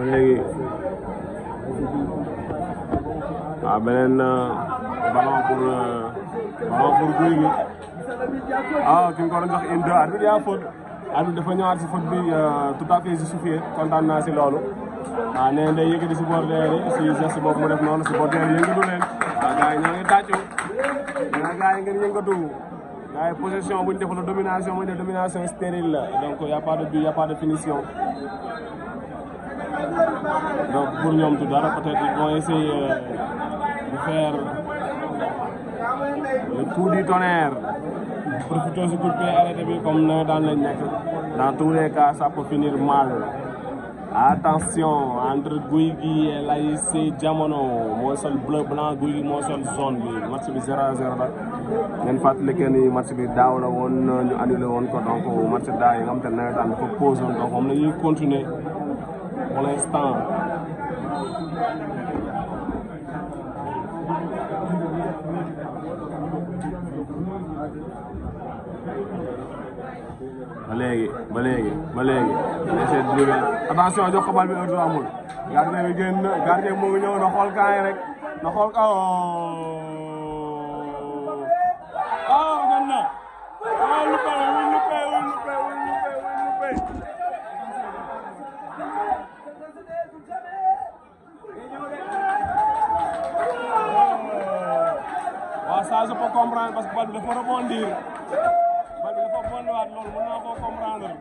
ba léegi waaw beneen ballon pour ballon pour ah ki ko doon jox une arbitre yaa faute arbitre dafa ñëwaat si faute bi tout à fait justifié kontaan naa si loolu waaw nee na day yëkkati si bordeer yi si geste boobu mu def noonu si bordeer yi yëngatu leen waaw gars yi ñoo ngi ngeen yëngatu possession def la domination def domination stérile y' a pas de but y' a pas de finition. donc pour ñoom du dara peut-être ils vont essayer euh, de faire le coup du tonnerre profité si coup de pied bi comme ne daan lañ nekk dans tous les cas ça peut finir mal attention entre Gouy Gui et l'ASC Jamono mooy sol bleu blanc Gouy Gui moo zone bi match bi 0 à 0 la ngeen fàttali que ni match bi daaw la woon ñu annulé woon ko donc match daaw yi nga xam te ne nawetaan woon donc moom la ñuy continuer pour l'instant. ba léegi ba léegi ba léegi laissez dribbler attention jox ko bal bi heure amul gardien bi génn gardien mu ngi ñëw na xool kaay rek na xool ka oh oh ganna comprendre parce que bal bi dafa rebondir bal bi dafa rebondir waat loolu mën naa koo comprendre.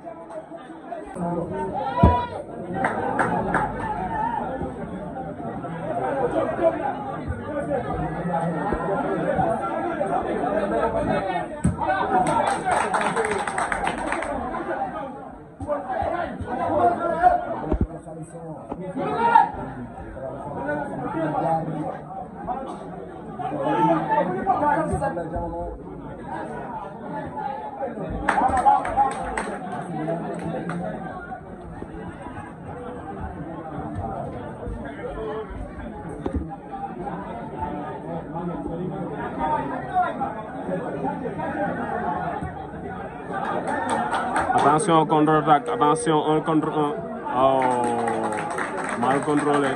Attention contre-attaque, attention un contre un. Oh, mal contrôlé.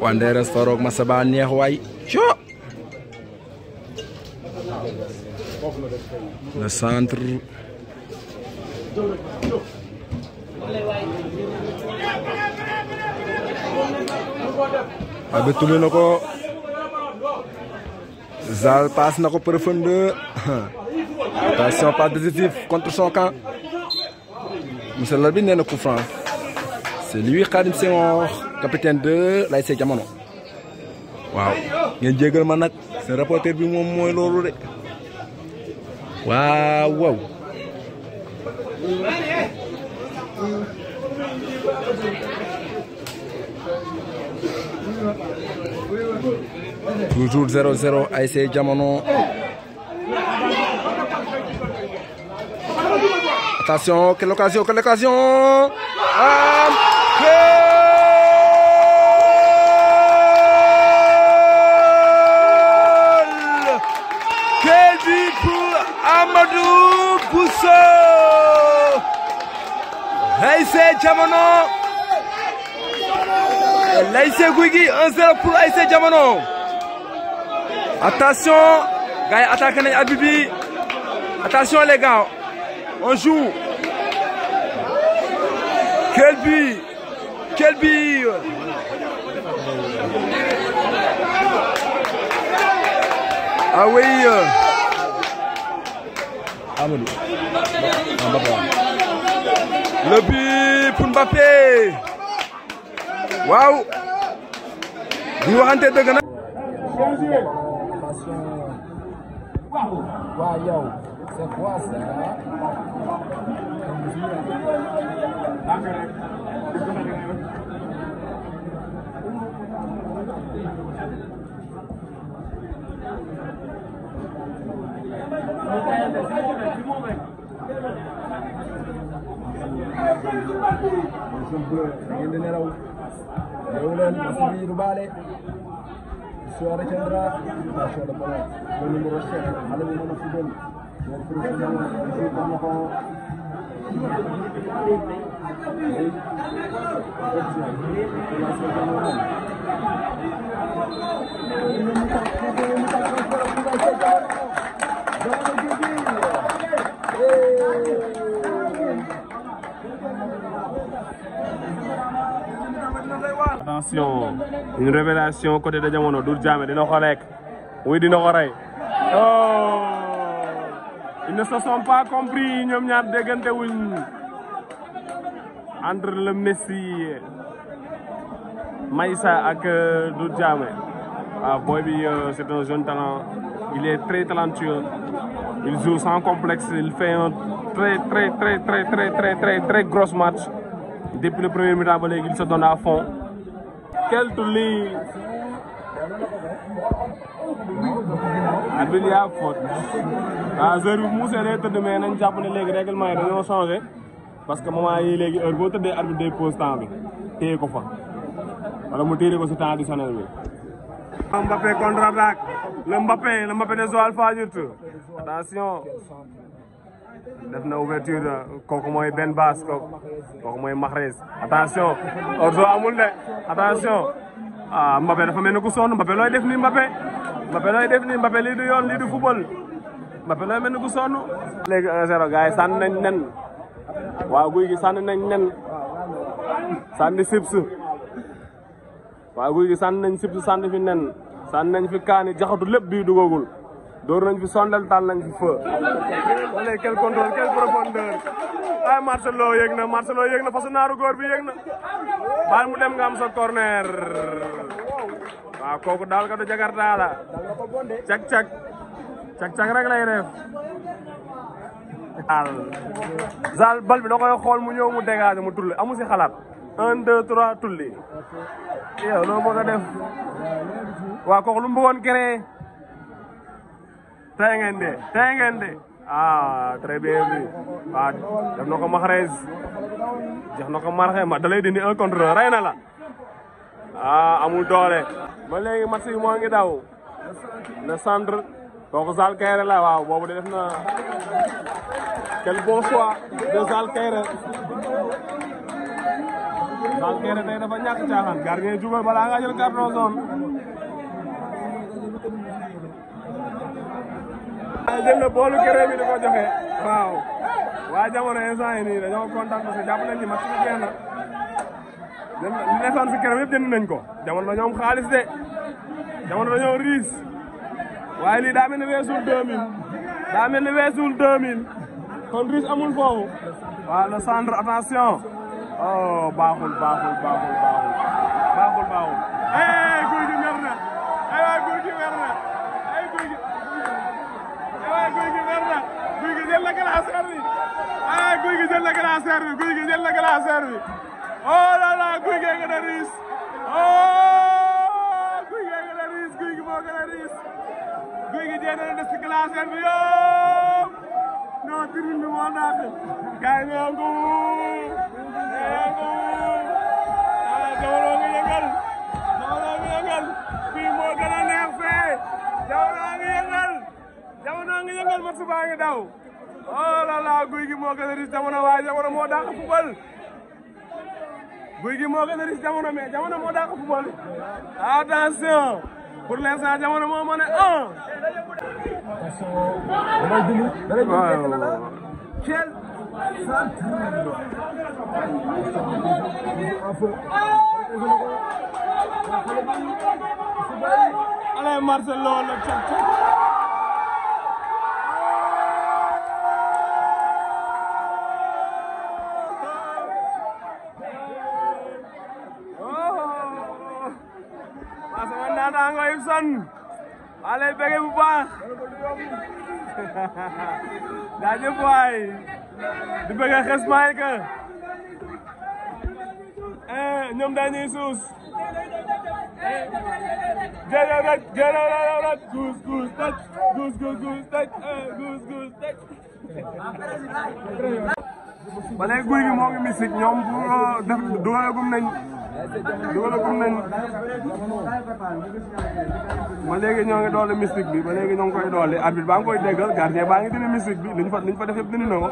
wande restaurant ma saba neex waay co le centre Zal passe na ko de... attention pas positif contre son camp monsieur Labine est le coup c'est lui Karim Senghor capitaine de l'ASC il y a jégal ma C'est reporter bi qui est loolu de Waouh, waaw toujours 0-0 Aïsé Diamono attention quelle occasion quelle occasion ah, goal quel but pour Amadou Bousso Aïssé Diamono Aïssé Guigui 1-0 pour Aïsé Diamono attention gars attaque à Bibi. attention les gars on joue quel but quel but ah oui le but pour Mbappé waaw di waxante de na Barro. Guaião. Você gosta, né? Jumbul, yang dengar, yang ulang masih di rumah le. ಸುವರಚಂದ್ರ ದಾಶೋಡಪ್ಪನ ಒಂದು ವರ್ಷ ಹಲವು ಮನಸ್ಸಿದಲ್ಲಿ Thank you. une révélation côté de jamono Doudjame, de dina ko oui dina ko oh ils ne se sont pas compris ñoom ñaar déggante wuñ entre le Messie, Maïssa ak euh, ah, euh, c'est un jeune talent il est très talentueux il joue sans complexe il fait un très très très très très très très très gros match depuis le premier mi-temps il se donne à fond Keltuli. at bi yaa faute waaw heure bi mu seetee tëdd mais nañ jàpp ne léegi règlement yi dañoo changé parce que moment yii léegi heure boo tëddee arbitre day pause temps bi téye ko fa wala mu téye ko si temps additionnel bi. Mbappé contre attaque le Mbappé le Mbappé de Joal Fadiouth attention. def na ouverture kooku mooy benn baas kooku kooku mooy Mahrez attention Orzo amul de attention ah Mbappé dafa mel ni ku sonn Mbappé looy def nii Mbappé Mbappé looy def nii Mbappé lii du yoon lii du football Mbappé looy mel ni ku sonn. léegi 1-0 nañ nen waa guy gi sànni nañ nen sànni sips waa guy gi sànni nañ sips sànni fi nen sànni nañ fi kaani jaxatu lépp bii dugagul. door nañ fi sondal taal nañ fi feu. wala quel contrôle quel profondeur ay Marcelo yëg na Marcelo yëg na fasu naaru góor bi yëg baal mu dem nga am sa corner waaw kooku daal ka du jakarta la cak cak rek lay def al bal bi da koy xool mu ñëw mu dégagé mu tulli amu si xalaat un deux trois tulli yow loo bëgg a def tey ngeen de tey ngeen de ah très bien vu waaw def na ko Mahrez jox na ma da lay un contre un rey na la ah, doole. ba léegi match bi daw le centre kooku Zal Kayre la waaw boobu def na quel bon choix de Zal Kayre Zal Kayre tey dafa ñàkk caaxaan gardien jubal balaa waaw ah, jël na boolu kere bi di ko joxe waa jamono instant yi nii dañoo kontaan parce que jàpp nañ ni match na jël na si kere yëpp jënd nañ ko jamono dañoo am xaalis de jamono dañoo riis waaye lii daa mel ni weesul 2000 daa mel ni weesul 2000 kon riis amul foofu waaw le centre attention oh baaxul baaxul baaxul baaxul eh! jël na glacière bi ah guy gi jël na glacière bi guy gi jël na glacière bi oh là là guy gee gën a riis oh guy gee gën a riis guy gi moo gën a riis guy gi jël na des ci glacière bi yoo non tribune bi moo naa fi gars yi ñoo ngu ñoo ngu ah jamono ngi yëngal jamono ngi yëngal fii moo gën a neex fee jamono ngi yëngal jamono ngi yëngal ba subaa ngi daw oh là là guy gi moo gën a jamono waaye jamono moo dàq football guy gi moo gën a riche jamono mais jamono moo dàq football attention pour l'instant jamono moo mën a un. Allez Marcelo le Ndeysaan maa lay bëgg bu baax jaajëf waay di bëgg xes maay ka eh, ñoom dañuy suus eh, jëlal rek jëlal rek guus guus taj guus guus guus taj guus eh, guus taj ba guy gi moo misik ñoom bu euh, def doolagum nañ dugalagum nañ ba léegi ñoo doole mystique bi ba léegi ñoo ngi koy doole arbitre baa ngi koy déggal gardien baa ngi dindi mystique bi luñ fa luñ fa def yëpp dindi na ko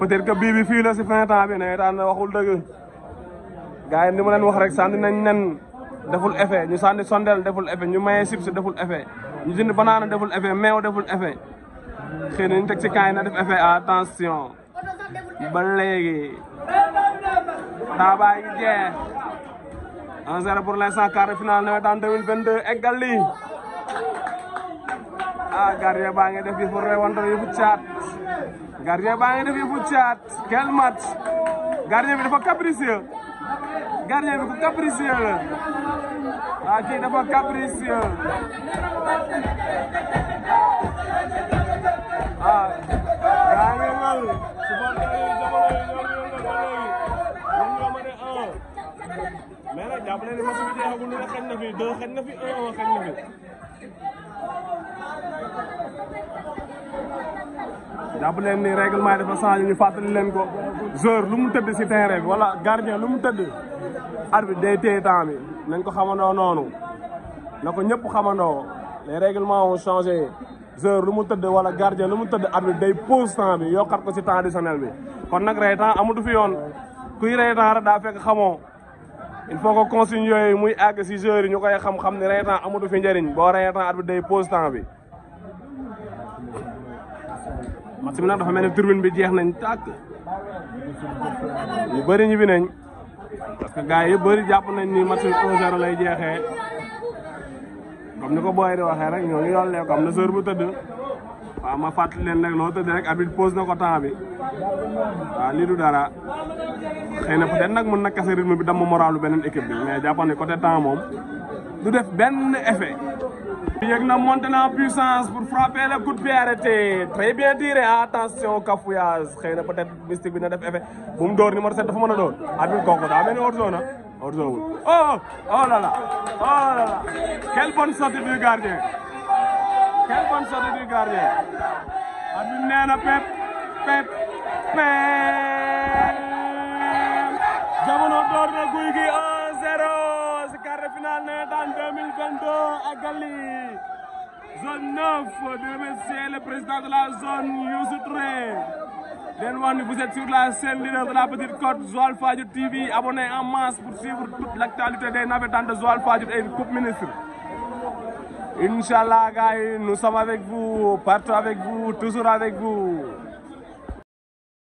peut-être que bii bi fii la si fin temps bi nawetaan waxul dëgg gars ni ma leen wax rek sànni nañ nen deful effet ñu sànni sondel deful effet ñu maye chips deful effet ñu jënd banaana deful effet meew deful effet xëy na ñu teg ci kaay na def effet attention ba léegi taa baa jeex un zéro pour l'instant quart de finale nawetaan 2022 eggal lii ah gardien baa ngi def yëfu rewante yëfu caat gardien baa ngi def yëfu caat quel match gardien bi dafa capricieux gardien bi ku capricieux la ah kii dafa capricieux ah xaj na fi un on xaj na fi jàpp leen ni règlement dafa changé ñu fàttali leen ko joueur lu mu tëdd si terrain bi wala gardien lu mu tëdd arbitre day téye temps bi nañ ko xamanoo noonu na ko ñëpp xamandoo les réglement ont changé joueur lu mu tëdd wala gardien lu mu tëdd arbitre day pause temps bi yokkat ko si temps bi kon nag rey temps amatu fi yoon kuy rey temps rek daa fekk xamoo il faut que consigne yoy muy ag ci jeur ñu koy xam-xam ne reetaan amatu fi ndariñ bo reetaan at bi day pause temps bi match bi nag dafa melni turbine bi jeex nañ tàkk ñu bëri ñibbi nañ parce que gaay yu bari japp nañ ni match bi 1-0 lay jeexé comme niko boy di waxé rek ñoo ñu yollé comme na bu tëdd waaw ma fàttali leen rek loo tëdd rek arbitre pose na ko temps bi waaw du dara xëy na peut-être nag na kase rythme bi damm moralu beneen équipe bi mais jàpp ne côté temps moom du def benn effet. yéeg na monté na en puissance pour frapper le coup de pied arrêté très bien tiré attention cafouillage xëy na peut-être bi na def effet bu mu door numéro 7 dafa mën a door arbitre kooku daa mel ni hors zone ah hors oh, oh oh là là oh là gardien. quelle bonne sortie du gardien arbitre nee na pep pep pep jamono door na guy gi 1-0 si quart de finale nawetaan 2022 ak Gali zone 9 di remercier le président de la zone Youssou Touré leen wax ni vous êtes sur la chaîne leader de la petite côte Joal Fadiouth TV abonnez en masse pour suivre toute l' actualité des navétanes de Joal Fadiouth et coupe ministre Inch'Allah, nous sommes avec vous, partout avec vous, toujours avec vous.